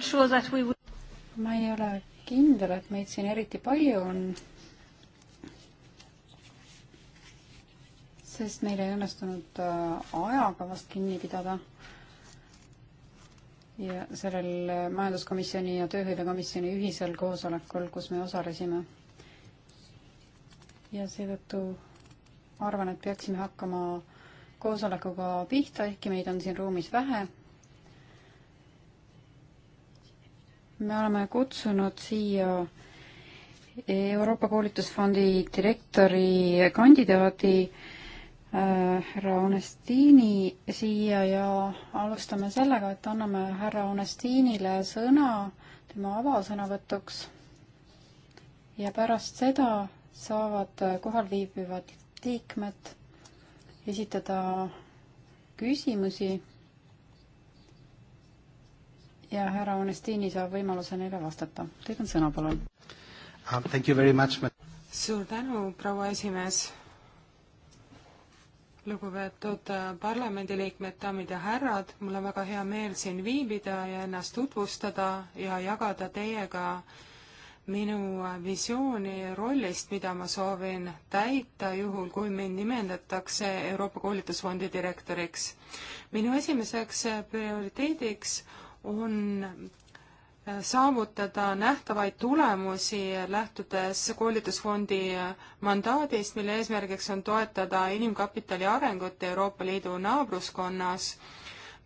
Sure will... ma ei ole kindel, et meid siin eriti palju on. sest meil ei õnnestunud äh, ajakavast kinni pidada ja sellel äh, Majanduskomisjoni ja Tööhõivekomisjoni ühisel koosolekul, kus me osalesime. ja seetõttu arvan, et peaksime hakkama koosolekuga pihta, ehkki meid on siin ruumis vähe me oleme kutsunud siia Euroopa koolitusfondi direktori kandidaadi äh, härra Onestini siia ja alustame sellega, et anname härra Onestinile sõna tema avasõnavõtuks. ja pärast seda saavad kohal viibivad liikmed esitada küsimusi ja härra Onestini saab võimaluse neile vastata. Teil on sõna, palun um,. suur tänu, proua esimees. lugupeetud uh, parlamendiliikmed, daamid ja härrad, mul on väga hea meel siin viibida ja ennast tutvustada ja jagada teiega minu uh, visiooni rollist, mida ma soovin täita juhul, kui mind nimetatakse Euroopa koolitusfondi direktoriks. minu esimeseks prioriteediks on saavutada nähtavaid tulemusi, lähtudes koolitusfondi mandaadist, mille eesmärgiks on toetada inimkapitali arengut Euroopa Liidu naabruskonnas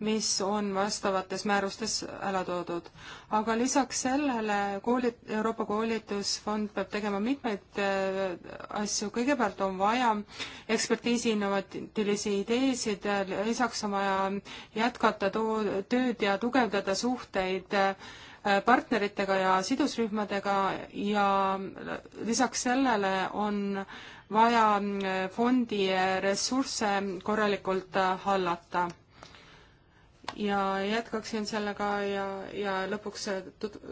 mis on vastavates määrustes ära toodud. aga lisaks sellele kooli, Euroopa koolitusfond peab tegema mitmeid äh, asju, kõigepealt on vaja ekspertiisi innovaatilisi ideesid, lisaks on vaja jätkata too, tööd ja tugevdada suhteid äh, partneritega ja sidusrühmadega ja lisaks sellele on vaja äh, fondi ressursse korralikult hallata ja jätkaksin sellega ja, ja lõpuks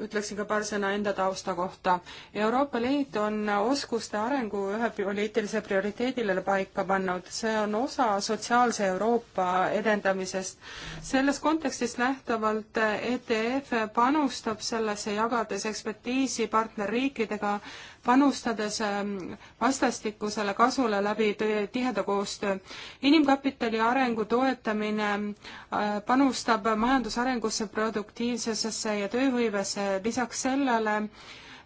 ütleksin ka paar sõna enda tausta kohta. Euroopa Liit on oskuste arengu ühe poliitilise prioriteedile paika pannud, see on osa sotsiaalse Euroopa edendamisest. sellest kontekstist lähtuvalt ETF panustab sellesse, jagades ekspertiisi partnerriikidega, panustades ähm, vastastikusele kasule läbi tiheda koostöö. inimkapitali arengu toetamine äh, panustab majandusarengusse, produktiivsusesse ja tööhõivesse, lisaks sellele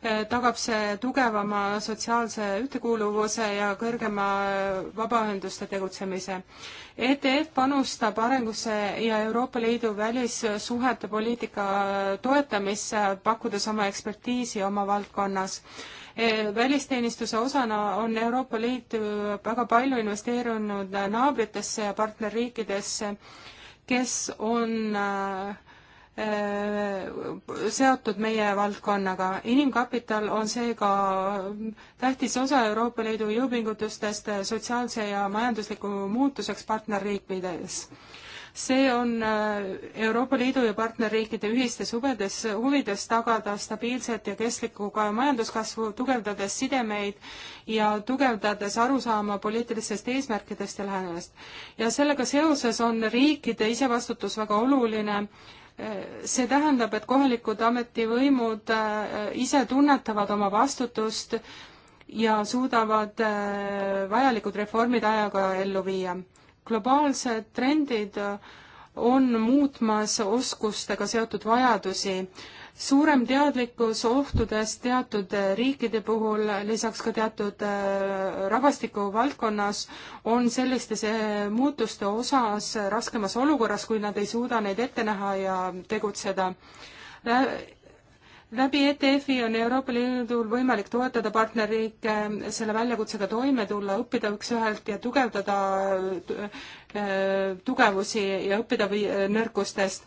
Äh, tagab see tugevama sotsiaalse ühtekuuluvuse ja kõrgema äh, vabaühenduste tegutsemise. ETF panustab arengusse ja Euroopa Liidu välissuhete poliitika äh, toetamisse, pakkudes oma ekspertiisi oma valdkonnas välisteenistuse osana on Euroopa Liit väga palju investeerinud naabritesse ja partnerriikidesse, kes on äh, Äh, seotud meie valdkonnaga. inimkapital on seega tähtis osa Euroopa Liidu jõupingutustest sotsiaalse ja majandusliku muutuseks partnerriikides. see on äh, Euroopa Liidu ja partnerriikide ühistes huvides, huvides tagada stabiilset ja kestlikku ka majanduskasvu, tugevdades sidemeid ja tugevdades arusaama poliitilistest eesmärkidest ja lähenemist. ja sellega seoses on riikide isevastutus väga oluline see tähendab, et kohalikud ametivõimud äh, ise tunnetavad oma vastutust ja suudavad äh, vajalikud reformid ajaga ellu viia. globaalsed trendid on muutmas oskustega seotud vajadusi suurem teadlikkus ohtudest teatud eh, riikide puhul, lisaks ka teatud eh, rahvastiku valdkonnas, on sellistes muutuste osas raskemas olukorras, kui nad ei suuda neid ette näha ja tegutseda. läbi ETF-i on Euroopa Liidul võimalik toetada partnerriike eh, selle väljakutsega toime tulla, õppida üks-ühelt ja tugevdada tugevusi ja õppida nõrkustest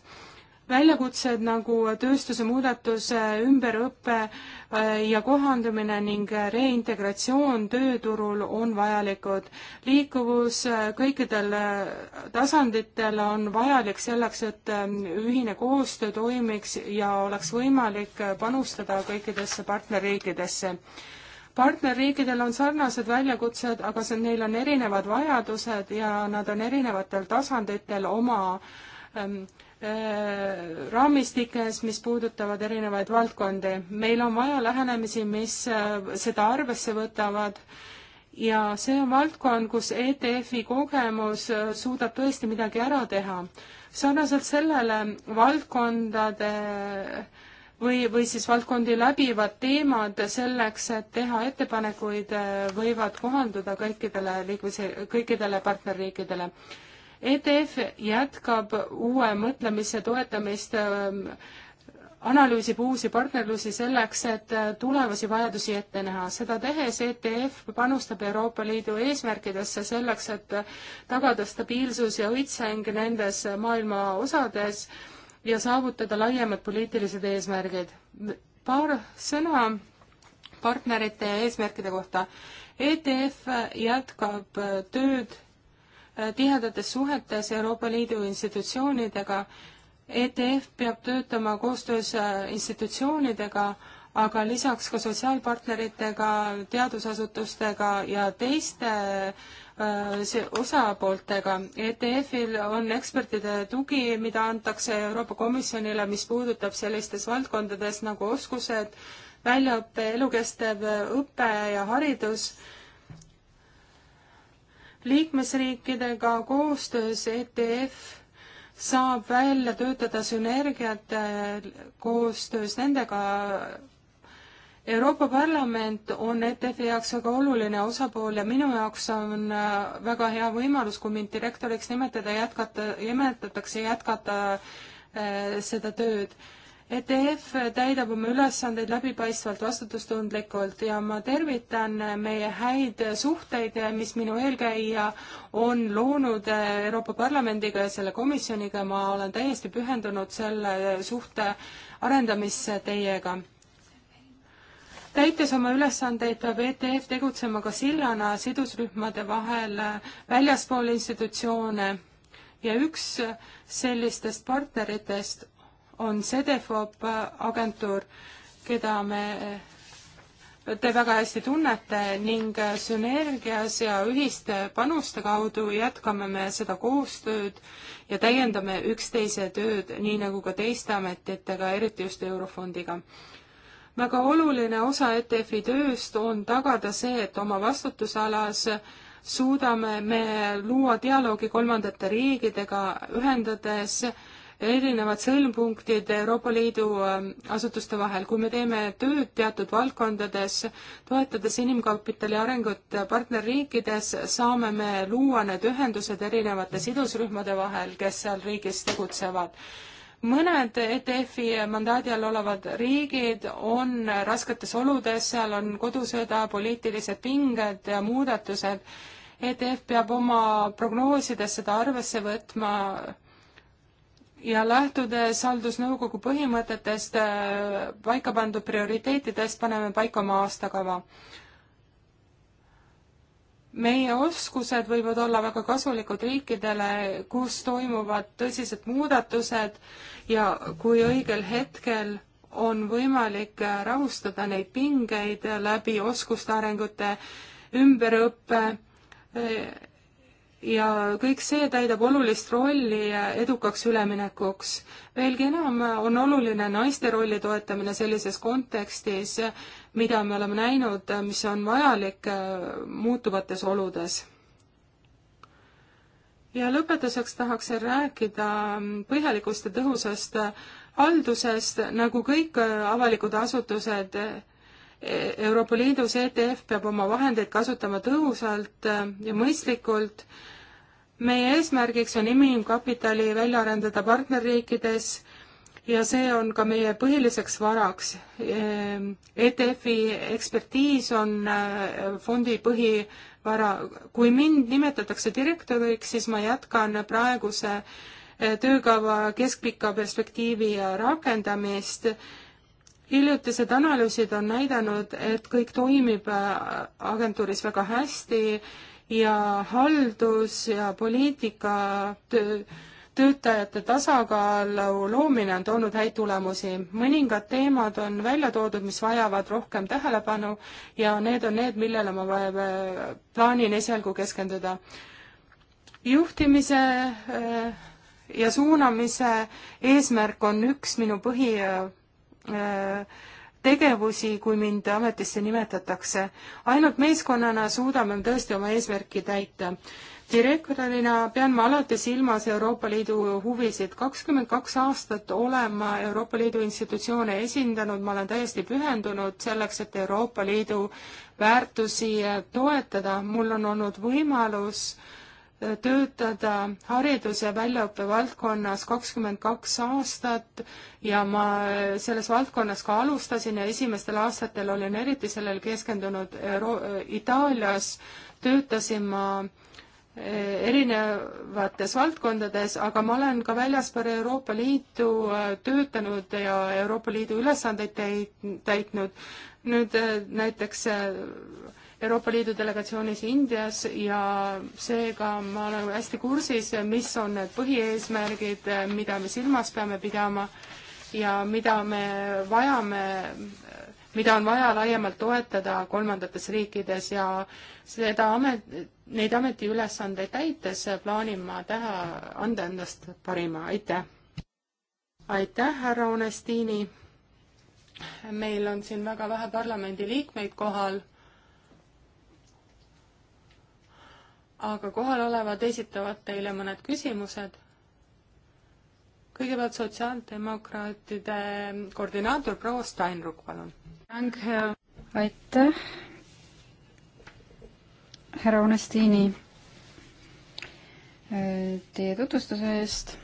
väljakutsed nagu tööstuse muudatus, ümberõpe äh, ja kohandumine ning reintegratsioon tööturul on vajalikud. liikuvus äh, kõikidel äh, tasanditel on vajalik selleks, et ähm, ühine koostöö toimiks ja oleks võimalik panustada kõikidesse partnerriikidesse partnerriikidel on sarnased väljakutsed, aga see, neil on erinevad vajadused ja nad on erinevatel tasanditel oma ähm, Äh, raamistikes, mis puudutavad erinevaid valdkondi. meil on vaja lähenemisi, mis äh, seda arvesse võtavad ja see on valdkond, kus ETF-i kogemus äh, suudab tõesti midagi ära teha. sarnaselt sellele valdkondade või, või siis valdkondi läbivad teemad selleks, et teha ettepanekuid, võivad kohanduda kõikidele liikmes-, kõikidele partnerriikidele EDF jätkab uue mõtlemise toetamist, ähm, analüüsib uusi partnerlusi selleks, et äh, tulevasi vajadusi ette näha. seda tehes ETF panustab Euroopa Liidu eesmärkidesse selleks, et äh, tagada stabiilsus ja õitseng nendes äh, maailma osades ja saavutada laiemad poliitilised eesmärgid. paar sõna partnerite ja eesmärkide kohta. ETF jätkab tööd Äh, tihedates suhetes Euroopa Liidu institutsioonidega. ETF peab töötama koostöös äh, institutsioonidega, aga lisaks ka sotsiaalpartneritega, teadusasutustega ja teiste äh, see osapooltega. ETF-il on ekspertide tugi, mida antakse Euroopa Komisjonile, mis puudutab sellistes valdkondades nagu oskused, väljaõpe, elukestev õpe ja haridus liikmesriikidega koostöös ETF saab välja töötada sünergiat äh, koostöös nendega. Euroopa Parlament on ETF-i jaoks väga oluline osapool ja minu jaoks on äh, väga hea võimalus, kui mind direktoriks nimetada, jätkata, nimetatakse jätkata äh, seda tööd ETF täidab oma ülesandeid läbipaistvalt, vastutustundlikult ja ma tervitan meie häid suhteid, mis minu eelkäija on loonud Euroopa Parlamendiga ja selle komisjoniga, ma olen täiesti pühendunud selle suhte arendamisse teiega täites oma ülesandeid peab ETF tegutsema ka sillana sidusrühmade vahel väljaspool institutsioone ja üks sellistest partneritest on CDFOP agentuur, keda me te väga hästi tunnete ning sünergias ja ühiste panuste kaudu jätkame me seda koostööd ja täiendame üksteise tööd, nii nagu ka teiste ametitega, eriti just Eurofondiga. väga oluline osa ETF-i tööst on tagada see, et oma vastutusalas suudame me luua dialoogi kolmandate riikidega, ühendades äh, erinevad sõlmpunktid Euroopa Liidu ähm, asutuste vahel. kui me teeme tööd teatud valdkondades, toetades inimkapitali arengut partnerriikides, saame me luua need ühendused erinevate sidusrühmade vahel, kes seal riigis tegutsevad mõned ETF-i mandaadi all olevad riigid on rasketes oludes, seal on kodusõda, poliitilised pinged ja muudatused. ETF peab oma prognoosides seda arvesse võtma ja lähtudes haldusnõukogu põhimõtetest, äh, paika pandud prioriteetidest, paneme paika oma aastakava. meie oskused võivad olla väga kasulikud riikidele, kus toimuvad tõsised muudatused ja kui õigel hetkel on võimalik äh, rahustada neid pingeid läbi oskuste arengute, ümberõppe äh, ja kõik see täidab olulist rolli edukaks üleminekuks. veelgi enam on oluline naiste rolli toetamine sellises kontekstis, mida me oleme näinud, mis on vajalik äh, muutuvates oludes. ja lõpetuseks tahaksin rääkida mm, põhjalikust ja tõhusast äh, haldusest, nagu kõik äh, avalikud asutused Euroopa Liidus ETF peab oma vahendeid kasutama tõhusalt ja mõistlikult meie eesmärgiks on inimkapitali välja arendada partnerriikides ja see on ka meie põhiliseks varaks. ETF-i ehm, e ekspertiis on äh, fondi põhivara. kui mind nimetatakse direktoriks, siis ma jätkan praeguse äh, töökava keskpika perspektiivi rakendamist hiljutised analüüsid on näidanud, et kõik toimib äh, agentuuris väga hästi, ja haldus ja poliitika töö, töötajate tasakaalu loomine on toonud häid tulemusi. mõningad teemad on välja toodud, mis vajavad rohkem tähelepanu ja need on need, millele ma plaanin esialgu keskenduda. juhtimise äh, ja suunamise eesmärk on üks minu põhi äh, äh, tegevusi, kui mind ametisse nimetatakse. ainult meeskonnana suudame me tõesti oma eesmärki täita. direktorina pean ma alati silmas Euroopa Liidu huvisid. kakskümmend kaks aastat olen ma Euroopa Liidu institutsioone esindanud, ma olen täiesti pühendunud selleks, et Euroopa Liidu väärtusi toetada. mul on olnud võimalus äh, töötada haridus- ja väljaõppe valdkonnas kakskümmend kaks aastat ja ma selles valdkonnas ka alustasin ja esimestel aastatel olin eriti sellele keskendunud Euro Itaalias, töötasin ma eh, erinevates valdkondades, aga ma olen ka väljaspool Euroopa Liitu eh, töötanud ja Euroopa Liidu ülesandeid täitnud. nüüd eh, näiteks Euroopa Liidu delegatsioonis Indias ja seega ma olen hästi kursis, mis on need põhieesmärgid, mida me silmas peame pidama ja mida me vajame, mida on vaja laiemalt toetada kolmandates riikides ja seda amet, neid ametiülesandeid täites plaanin ma teha, anda endast parima, aitäh! aitäh, härra Onestini! meil on siin väga vähe parlamendiliikmeid kohal aga kohalolevad esitavad teile mõned küsimused. kõigepealt sotsiaaldemokraatide koordinaator proua Steinruck, palun. aitäh, härra Onestini, teie tutvustuse eest.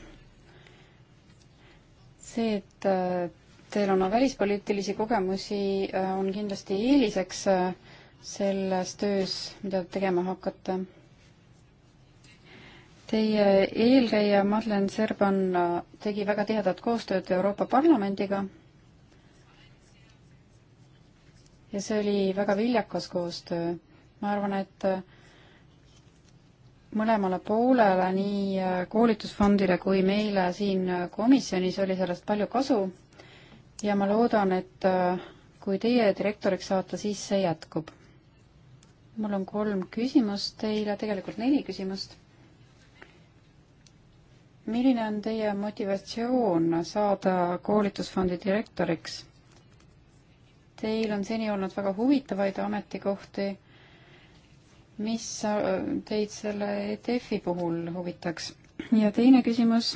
see, et äh, teil on välispoliitilisi kogemusi, äh, on kindlasti eeliseks äh, selles töös, mida te tegema hakkate Teie eelkäija Madlen Serban tegi väga tihedat koostööd Euroopa Parlamendiga ja see oli väga viljakas koostöö. ma arvan, et mõlemale poolele, nii koolitusfondile kui meile siin komisjonis oli sellest palju kasu ja ma loodan, et kui teie direktoriks saate, siis see jätkub. mul on kolm küsimust teile, tegelikult neli küsimust milline on teie motivatsioon saada koolitusfondi direktoriks? Teil on seni olnud väga huvitavaid ametikohti. mis teid selle ETF-i puhul huvitaks? ja teine küsimus,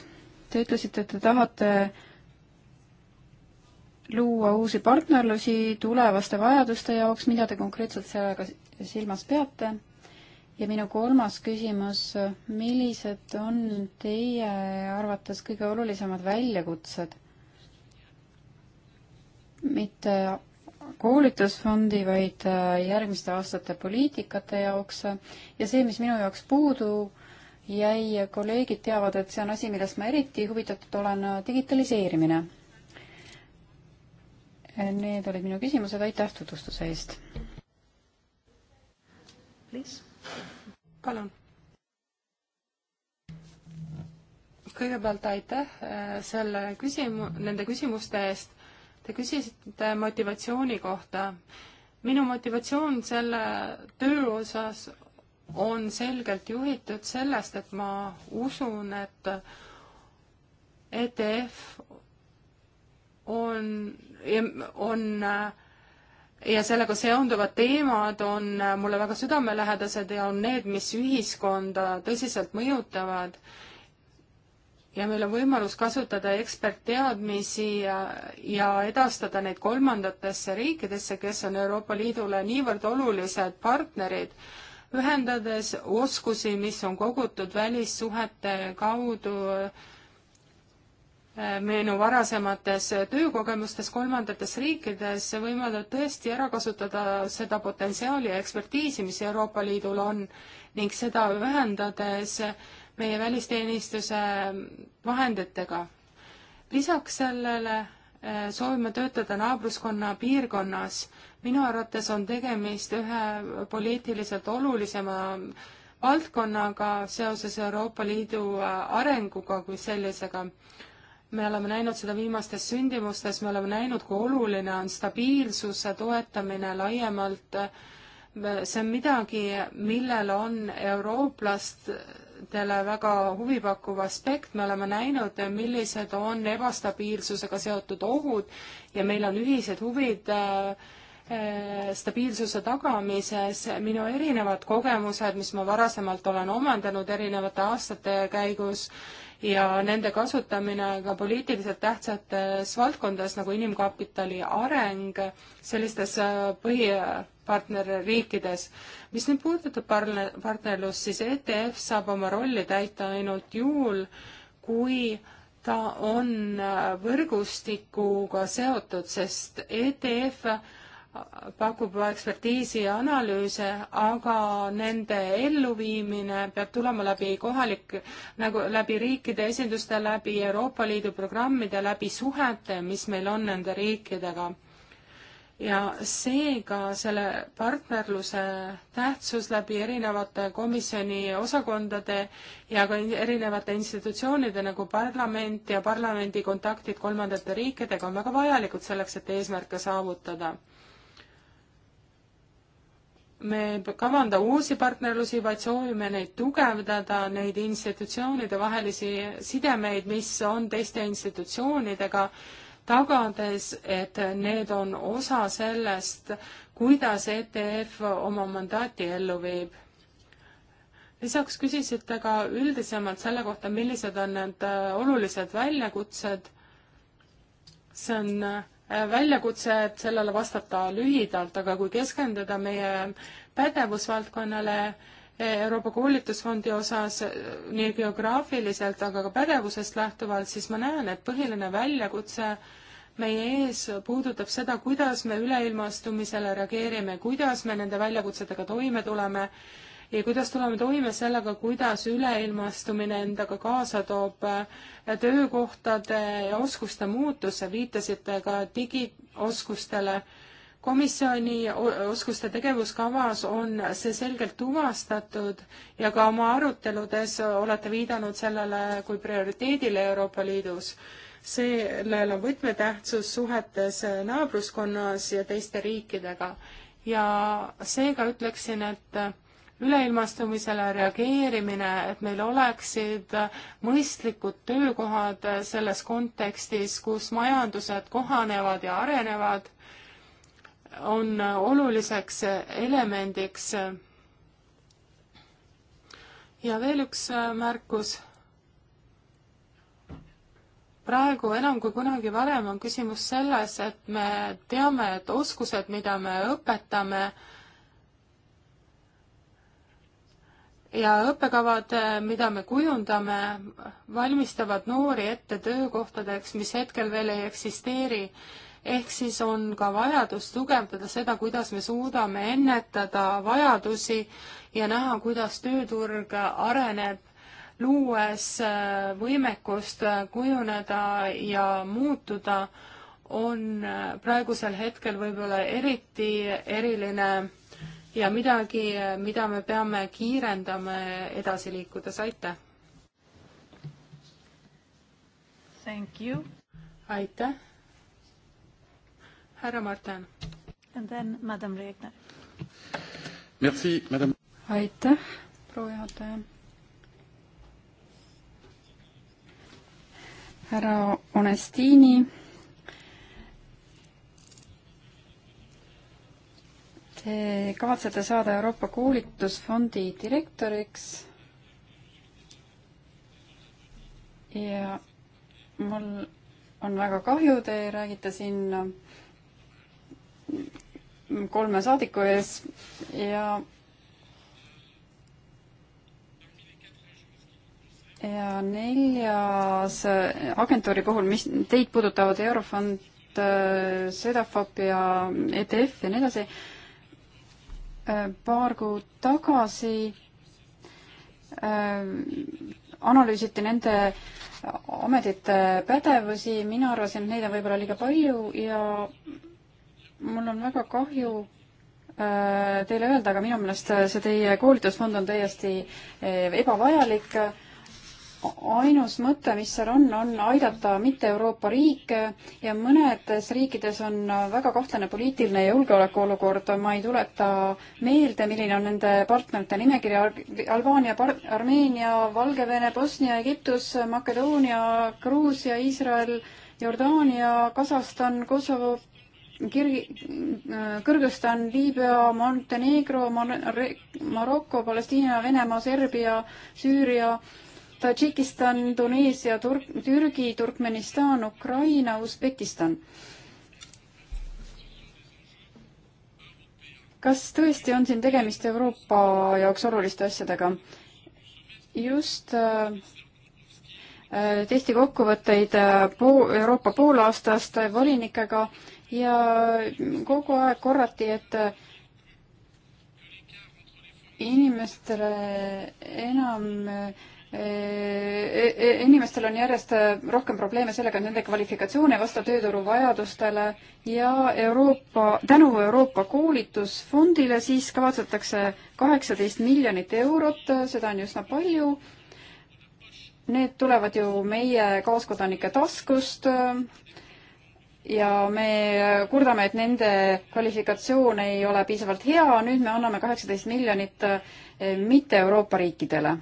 te ütlesite, et te tahate luua uusi partnerlusi tulevaste vajaduste jaoks, mida te konkreetselt sellega silmas peate? ja minu kolmas küsimus, millised on teie arvates kõige olulisemad väljakutsed? mitte koolitusfondi, vaid äh, järgmiste aastate poliitikate jaoks ja see, mis minu jaoks puudu jäi, kolleegid teavad, et see on asi, millest ma eriti huvitatud olen, digitaliseerimine. Need olid minu küsimused, aitäh tutvustuse eest! Please palun. kõigepealt aitäh äh, selle küsimu-, nende küsimuste eest. Te küsisite motivatsiooni kohta. minu motivatsioon selle töö osas on selgelt juhitud sellest, et ma usun, et ETF on, on äh, ja sellega seonduvad teemad on mulle väga südamelähedased ja on need, mis ühiskonda tõsiselt mõjutavad. ja meil on võimalus kasutada ekspertteadmisi ja, ja edastada neid kolmandatesse riikidesse, kes on Euroopa Liidule niivõrd olulised partnerid, ühendades oskusi, mis on kogutud välissuhete kaudu äh, minu varasemates töökogemustes kolmandates riikides võimaldab tõesti ära kasutada seda potentsiaali ja ekspertiisi, mis Euroopa Liidul on ning seda ühendades meie välisteenistuse vahenditega. lisaks sellele eh, soovime töötada naabruskonna piirkonnas. minu arvates on tegemist ühe poliitiliselt olulisema valdkonnaga seoses Euroopa Liidu arenguga kui sellisega me oleme näinud seda viimastes sündimustes, me oleme näinud, kui oluline on stabiilsuse toetamine laiemalt. see on midagi, millel on eurooplastele väga huvipakkuv aspekt, me oleme näinud, millised on ebastabiilsusega seotud ohud ja meil on ühised huvid äh, stabiilsuse tagamises minu erinevad kogemused, mis ma varasemalt olen omandanud erinevate aastate käigus äh, ja nende kasutamine ka poliitiliselt tähtsates valdkondades nagu inimkapitali areng sellistes äh, põhipartnerriikides. mis nüüd puudutab parne-, partnerlust, siis ETF saab oma rolli täita ainult juhul, kui ta on äh, võrgustikuga seotud, sest ETF pakub ekspertiisi ja analüüse, aga nende elluviimine peab tulema läbi kohalik, nagu läbi riikide esinduste, läbi Euroopa Liidu programmide, läbi suhete, mis meil on nende riikidega. ja seega selle partnerluse tähtsus läbi erinevate komisjoni osakondade ja ka erinevate institutsioonide nagu parlament ja parlamendi kontaktid kolmandate riikidega on väga vajalikud selleks, et eesmärke saavutada me ei kavanda uusi partnerlusi, vaid soovime neid tugevdada, neid institutsioonide vahelisi sidemeid, mis on teiste institutsioonidega, tagades, et need on osa sellest, kuidas ETF oma mandaati ellu viib. lisaks küsisite ka üldisemalt selle kohta, millised on need äh, olulised väljakutsed. see on äh, väljakutse, et sellele vastata lühidalt, aga kui keskenduda meie pädevusvaldkonnale, eh, Euroopa koolitusfondi osas eh, nii geograafiliselt, aga ka pädevusest lähtuvalt, siis ma näen, et põhiline väljakutse meie ees puudutab seda, kuidas me üleilmastumisele reageerime, kuidas me nende väljakutsetega toime tuleme ja kuidas tuleme toime sellega, kuidas üleilmastumine endaga kaasa toob äh, töökohtade ja oskuste muutuse, viitasite ka digioskustele. komisjoni oskuste tegevuskavas on see selgelt tuvastatud ja ka oma aruteludes olete viidanud sellele kui prioriteedile Euroopa Liidus sellel on võtmetähtsus suhetes naabruskonnas ja teiste riikidega. ja seega ütleksin, et üleilmastumisele reageerimine, et meil oleksid mõistlikud töökohad selles kontekstis, kus majandused kohanevad ja arenevad, on oluliseks elemendiks. ja veel üks märkus. praegu enam kui kunagi varem on küsimus selles, et me teame, et oskused, mida me õpetame, ja õppekavad, äh, mida me kujundame, valmistavad noori ette töökohtadeks, mis hetkel veel ei eksisteeri. ehk siis on ka vajadus tugevdada seda, kuidas me suudame ennetada vajadusi ja näha, kuidas tööturg areneb, luues äh, võimekust äh, kujuneda ja muutuda, on praegusel hetkel võib-olla eriti eriline ja midagi, mida me peame kiirendama edasi liikudes, aitäh! Thank you! aitäh! härra Martin. And then madam Regner. Merci, madam. aitäh, proua juhataja. härra Onestini Te kavatsete saada Euroopa koolitusfondi direktoriks ja mul on väga kahju, te räägite siin mm, kolme saadiku ees ja ja neljas agentuuri puhul, mis teid puudutavad, Eurofond, Sedafop ja ETF ja nii edasi, Äh, paar kuud tagasi äh, analüüsiti nende ametite pädevusi, mina arvasin, et neid on võib-olla liiga palju ja mul on väga kahju äh, teile öelda, aga minu meelest see teie koolitusfond on täiesti ebavajalik ainus mõte, mis seal on, on aidata mitte Euroopa riike ja mõnedes riikides on väga kahtlane poliitiline ja julgeolekuolukord, ma ei tuleta meelde, milline on nende partnerite nimekiri Al, Albaania, Armeenia, Valgevene, Bosnia, Egiptus, Makedoonia, Gruusia, Iisrael, Jordaania, Kasahstan, Kosovo, Kirgi-, Kõrgõzstan, Liibüa, Montenegro, Maroko, Palestiina, Venemaa, Serbia, Süüria, Tadžikistan, Tuneesia, Turk-, Türgi, Turkmenistan, Ukraina, Usbekistan. kas tõesti on siin tegemist Euroopa jaoks oluliste asjadega? just äh, tehti kokkuvõtteid äh, po-, Euroopa poolaastast volinikega ja kogu aeg korrati, et äh, inimestele enam äh, E, e, inimestel on järjest äh, rohkem probleeme sellega, et nende kvalifikatsioon ei vasta tööturu vajadustele ja Euroopa, tänu Euroopa koolitusfondile siis kavatsetakse kaheksateist miljonit eurot, seda on üsna palju. Need tulevad ju meie kaaskodanike taskust äh, ja me kurdame, et nende kvalifikatsioon ei ole piisavalt hea, nüüd me anname kaheksateist miljonit äh, mitte Euroopa riikidele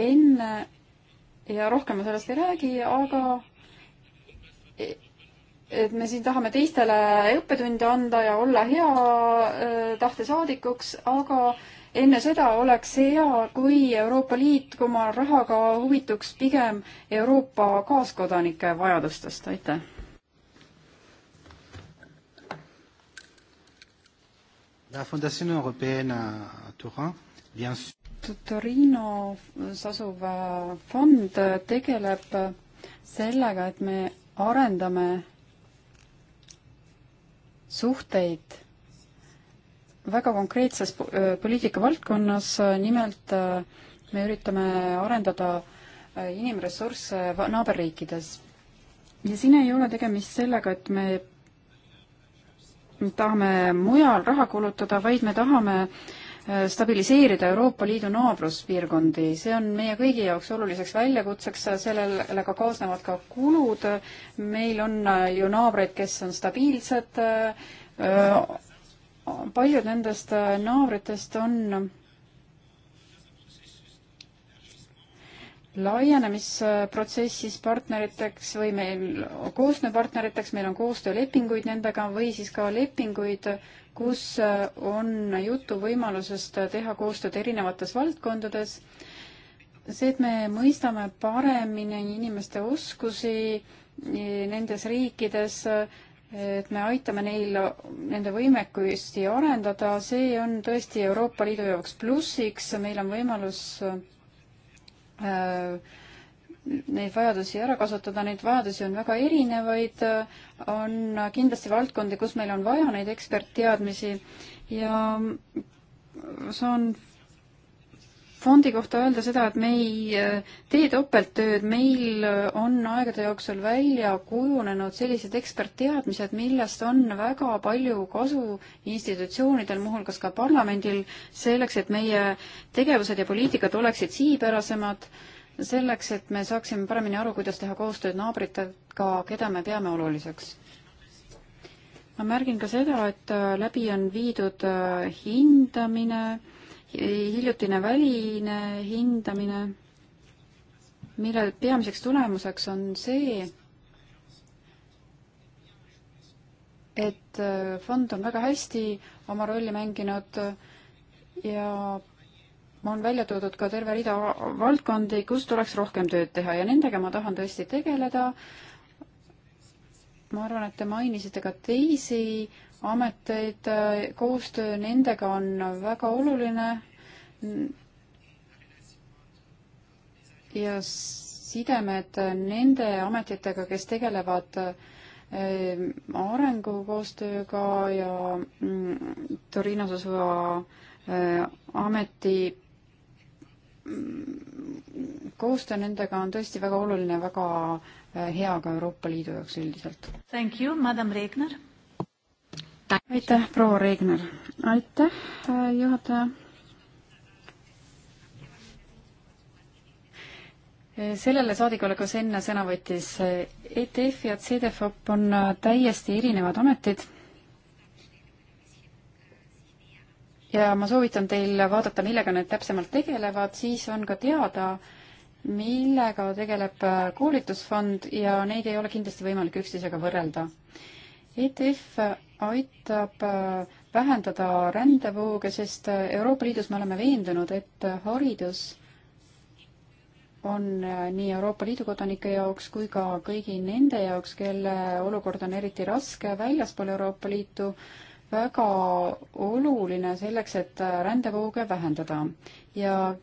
enne ja rohkem ma sellest ei räägi, aga e-, et me siin tahame teistele õppetunde anda ja olla hea e, tahte saadikuks, aga enne seda oleks hea, kui Euroopa Liit oma rahaga huvituks pigem Euroopa kaaskodanike vajadustest, aitäh. La Fondation européenne à Turin, bien sûr. Torinos asuv fond tegeleb sellega, et me arendame suhteid väga konkreetses äh, poliitika valdkonnas, nimelt äh, me üritame arendada äh, inimressursse naaberriikides. ja siin ei ole tegemist sellega, et me tahame mujal raha kulutada, vaid me tahame äh, Äh, stabiliseerida Euroopa Liidu naabruspiirkondi, see on meie kõigi jaoks oluliseks väljakutseks, sellele ka kaasnevad ka kulud, meil on äh, ju naabreid, kes on stabiilsed, äh, paljud nendest naabritest on laienemisprotsessis partneriteks või meil koostööpartneriteks, meil on koostöölepinguid nendega või siis ka lepinguid, kus on juttu võimalusest teha koostööd erinevates valdkondades. see, et me mõistame paremini inimeste oskusi nendes riikides, et me aitame neil nende võimekusi arendada, see on tõesti Euroopa Liidu jaoks plussiks, meil on võimalus Äh, neid vajadusi ära kasutada, neid vajadusi on väga erinevaid, äh, on kindlasti valdkondi, kus meil on vaja neid ekspertteadmisi ja saan fondi kohta öelda seda, et me ei äh, tee topelttööd, meil äh, on aegade jooksul välja kujunenud sellised ekspertteadmised, millest on väga palju kasu institutsioonidel, muuhulgas ka parlamendil, selleks, et meie tegevused ja poliitikad oleksid siipärasemad, selleks, et me saaksime paremini aru, kuidas teha koostööd naabritega, keda me peame oluliseks ma märgin ka seda, et äh, läbi on viidud hindamine hiljutine väline hindamine, mille peamiseks tulemuseks on see, et äh, fond on väga hästi oma rolli mänginud ja on välja toodud ka terve rida valdkondi, kus tuleks rohkem tööd teha ja nendega ma tahan tõesti tegeleda. ma arvan, et te mainisite ka teisi ameteid, äh, koostöö nendega on väga oluline ja sidemed nende ametitega, kes tegelevad äh, arengukoostööga ja mm, Torino Sosua äh, ameti mm, koostöö nendega on tõesti väga oluline, väga hea ka Euroopa Liidu jaoks üldiselt. Thank you, madam Regner aitäh, proua Regner. aitäh, äh, juhataja. Äh, sellele saadikule, kes enne sõna võttis, äh, ETF ja CDFOP on täiesti erinevad ametid. ja ma soovitan teil vaadata, millega need täpsemalt tegelevad, siis on ka teada, millega tegeleb koolitusfond ja neid ei ole kindlasti võimalik üksteisega võrrelda. ETF aitab äh, vähendada rändevooge, sest äh, Euroopa Liidus me oleme veendunud, et haridus on äh, nii Euroopa Liidu kodanike jaoks kui ka kõigi nende jaoks, kelle olukord on eriti raske väljaspool Euroopa Liitu, väga oluline selleks, et rändevooge vähendada. ja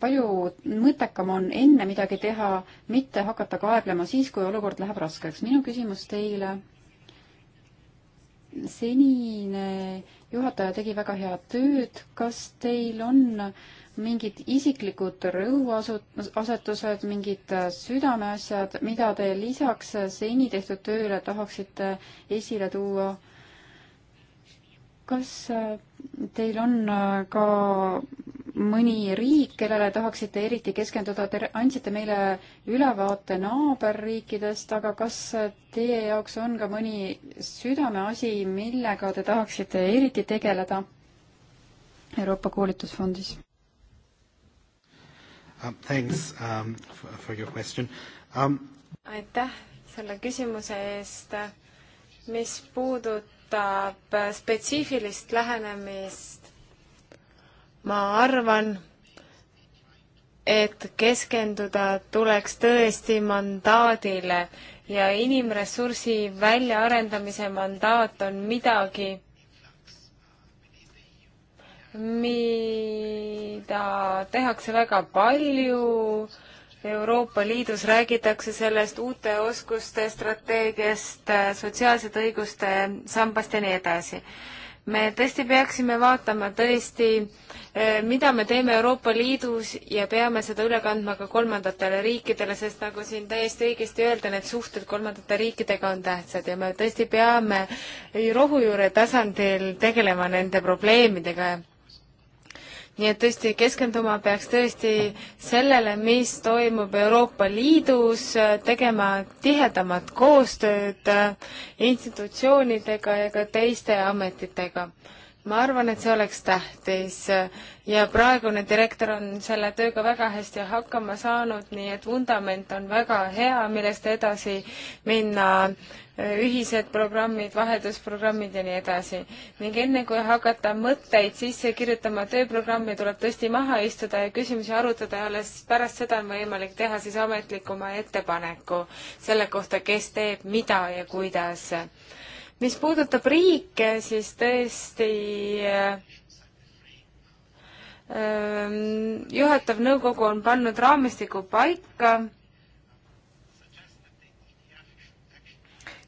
palju mõttekam on enne midagi teha, mitte hakata kaeblema siis, kui olukord läheb raskeks. minu küsimus teile senine juhataja tegi väga head tööd. kas teil on mingid isiklikud rõhuasetused, mingid südameasjad, mida te lisaks seni tehtud tööle tahaksite esile tuua? kas teil on ka mõni riik, kellele tahaksite eriti keskenduda, te andsite meile ülevaate naaberriikidest, aga kas teie jaoks on ka mõni südameasi, millega te tahaksite eriti tegeleda Euroopa koolitusfondis? Um, thanks um, for, for your question. Um, aitäh selle küsimuse eest, mis puudutab spetsiifilist lähenemist ma arvan, et keskenduda tuleks tõesti mandaadile ja inimressursi väljaarendamise mandaat on midagi, mida tehakse väga palju, Euroopa Liidus räägitakse sellest uute oskuste strateegiast, sotsiaalsete õiguste sambast ja nii edasi me tõesti peaksime vaatama tõesti, eh, mida me teeme Euroopa Liidus ja peame seda üle kandma ka kolmandatele riikidele, sest nagu siin täiesti õigesti öelda, need suhted kolmandate riikidega on tähtsad ja me tõesti peame rohujuure tasandil tegelema nende probleemidega nii et tõesti keskenduma peaks tõesti sellele, mis toimub Euroopa Liidus, tegema tihedamat koostööd äh, institutsioonidega ja ka teiste ametitega. ma arvan, et see oleks tähtis ja praegune direktor on selle tööga väga hästi hakkama saanud, nii et vundament on väga hea, millest edasi minna äh, ühised programmid, vahetusprogrammid ja nii edasi. ning enne, kui hakata mõtteid sisse kirjutama tööprogrammi, tuleb tõesti maha istuda ja küsimusi arutada ja alles pärast seda on võimalik teha siis ametlikuma ettepaneku selle kohta, kes teeb mida ja kuidas. mis puudutab riike, siis tõesti ehm, juhatav nõukogu on pannud raamistiku paika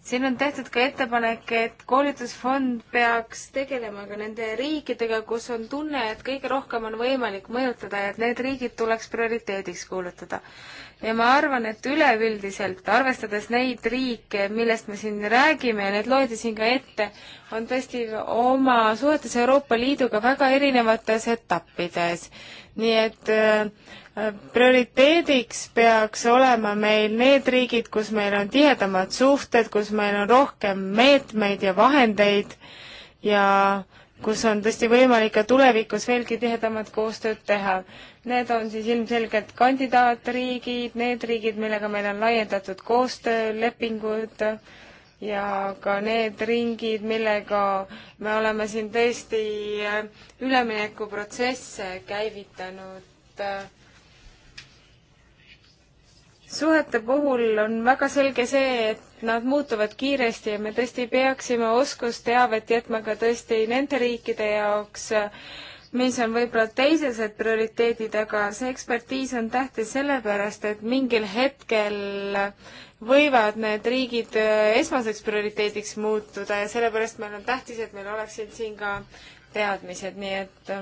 siin on tehtud ka ettepanek, et koolitusfond peaks tegelema ka nende riikidega, kus on tunne, et kõige rohkem on võimalik mõjutada ja et need riigid tuleks prioriteediks kuulutada. ja ma arvan, et üleüldiselt, arvestades neid riike, millest me siin räägime ja need loodi siin ka ette, on tõesti oma suhetes Euroopa Liiduga väga erinevates etappides nii et äh, äh, prioriteediks peaks olema meil need riigid, kus meil on tihedamad suhted, kus meil on rohkem meetmeid ja vahendeid ja kus on tõesti võimalik ka tulevikus veelgi tihedamat koostööd teha. Need on siis ilmselgelt kandidaatriigid, need riigid, millega meil on laiendatud koostöölepingud, ja ka need ringid, millega me oleme siin tõesti äh, üleminekuprotsesse käivitanud. Äh, suhete puhul on väga selge see, et nad muutuvad kiiresti ja me tõesti peaksime oskusteavet jätma ka tõesti nende riikide jaoks, mis on võib-olla teised prioriteedid, aga see ekspertiis on tähtis sellepärast, et mingil hetkel äh, võivad need riigid äh, esmaseks prioriteediks muutuda ja sellepärast meil on tähtis, et meil oleksid siin ka teadmised, nii et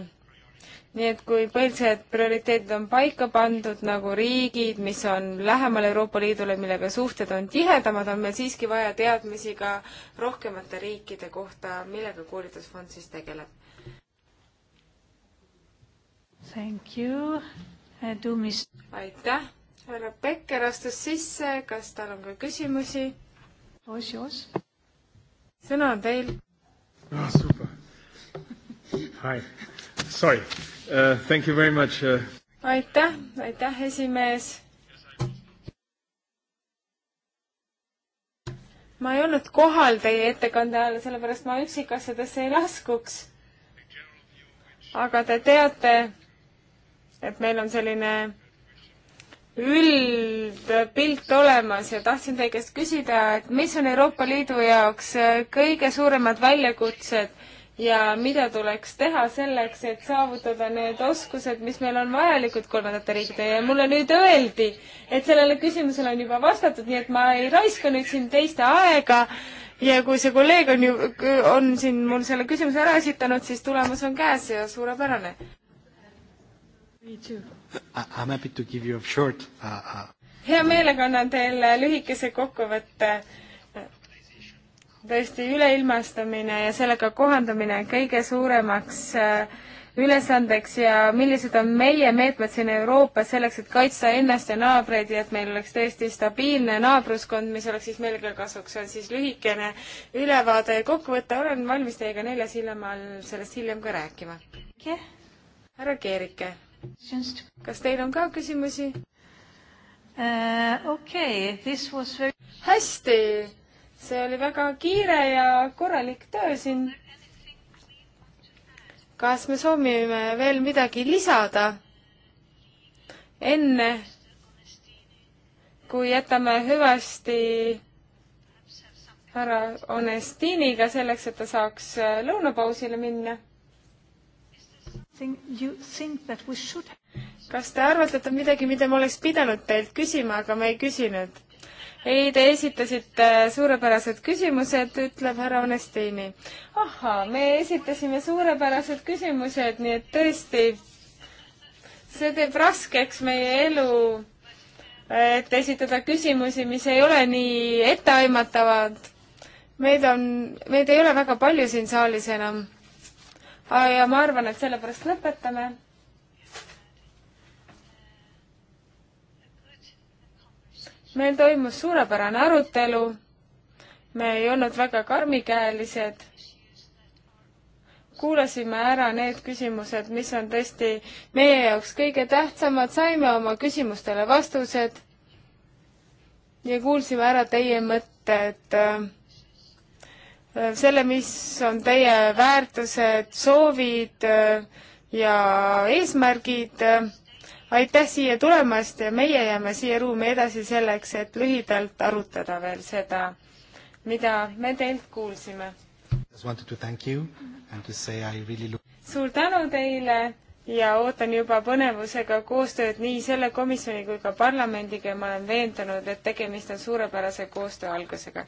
nii et kui põhilised prioriteedid on paika pandud, nagu riigid, mis on lähemal Euroopa Liidule, millega suhted on tihedamad, on meil siiski vaja teadmisi ka rohkemate riikide kohta, millega koolitusfond siis tegeleb. Thank you. aitäh härra Becker astus sisse, kas tal on ka küsimusi? sõna on teil oh,. super. Hi, sorry uh,, thank you very much uh.... aitäh, aitäh, esimees. ma ei olnud kohal teie ettekande ajal, sellepärast ma üksikasjadesse ei laskuks. aga te teate, et meil on selline üldpilt olemas ja tahtsin teie käest küsida, et mis on Euroopa Liidu jaoks äh, kõige suuremad väljakutsed ja mida tuleks teha selleks, et saavutada need oskused, mis meil on vajalikud kolmandate riikide ja mulle nüüd öeldi, et sellele küsimusele on juba vastatud, nii et ma ei raiska nüüd siin teiste aega ja kui see kolleeg on ju, on siin mul selle küsimuse ära esitanud, siis tulemus on käes ja suurepärane. me too. I am happy to give you a short uh, uh. hea meelega annan teile lühikese kokkuvõtte. tõesti, üleilmastumine ja sellega kohandumine kõige suuremaks äh, ülesandeks ja millised on meie meetmed siin Euroopas selleks, et kaitsta ennast ja naabreid ja et meil oleks tõesti stabiilne naabruskond, mis oleks siis meile ka kasuks, on siis lühikene ülevaade ja kokkuvõte. olen valmis teiega neljas hiljem sellest hiljem ka rääkima. härra Keerike kas teil on ka küsimusi uh,? okei okay., this was very hästi, see oli väga kiire ja korralik töö siin. kas me soovime veel midagi lisada enne, kui jätame hüvasti härra Onestiniga selleks, et ta saaks lõunapausile minna? kas te arvate, et on midagi, mida ma oleks pidanud teilt küsima, aga ma ei küsinud? ei, te esitasite suurepärased küsimused, ütleb härra Onestini. ahhaa, me esitasime suurepärased küsimused, nii et tõesti, see teeb raskeks meie elu, et esitada küsimusi, mis ei ole nii etteaimatavad. meid on, meid ei ole väga palju siin saalis enam ja ma arvan, et sellepärast lõpetame. meil toimus suurepärane arutelu, me ei olnud väga karmikäelised kuulasime ära need küsimused, mis on tõesti meie jaoks kõige tähtsamad, saime oma küsimustele vastused ja kuulsime ära teie mõtted selle, mis on teie väärtused, soovid äh, ja eesmärgid. aitäh siia tulemast ja meie jääme siia ruumi edasi selleks, et lühidalt arutada veel seda, mida me teilt kuulsime. Really look... suur tänu teile ja ootan juba põnevusega koostööd nii selle komisjoni kui ka parlamendiga ja ma olen veendunud, et tegemist on suurepärase koostöö algusega.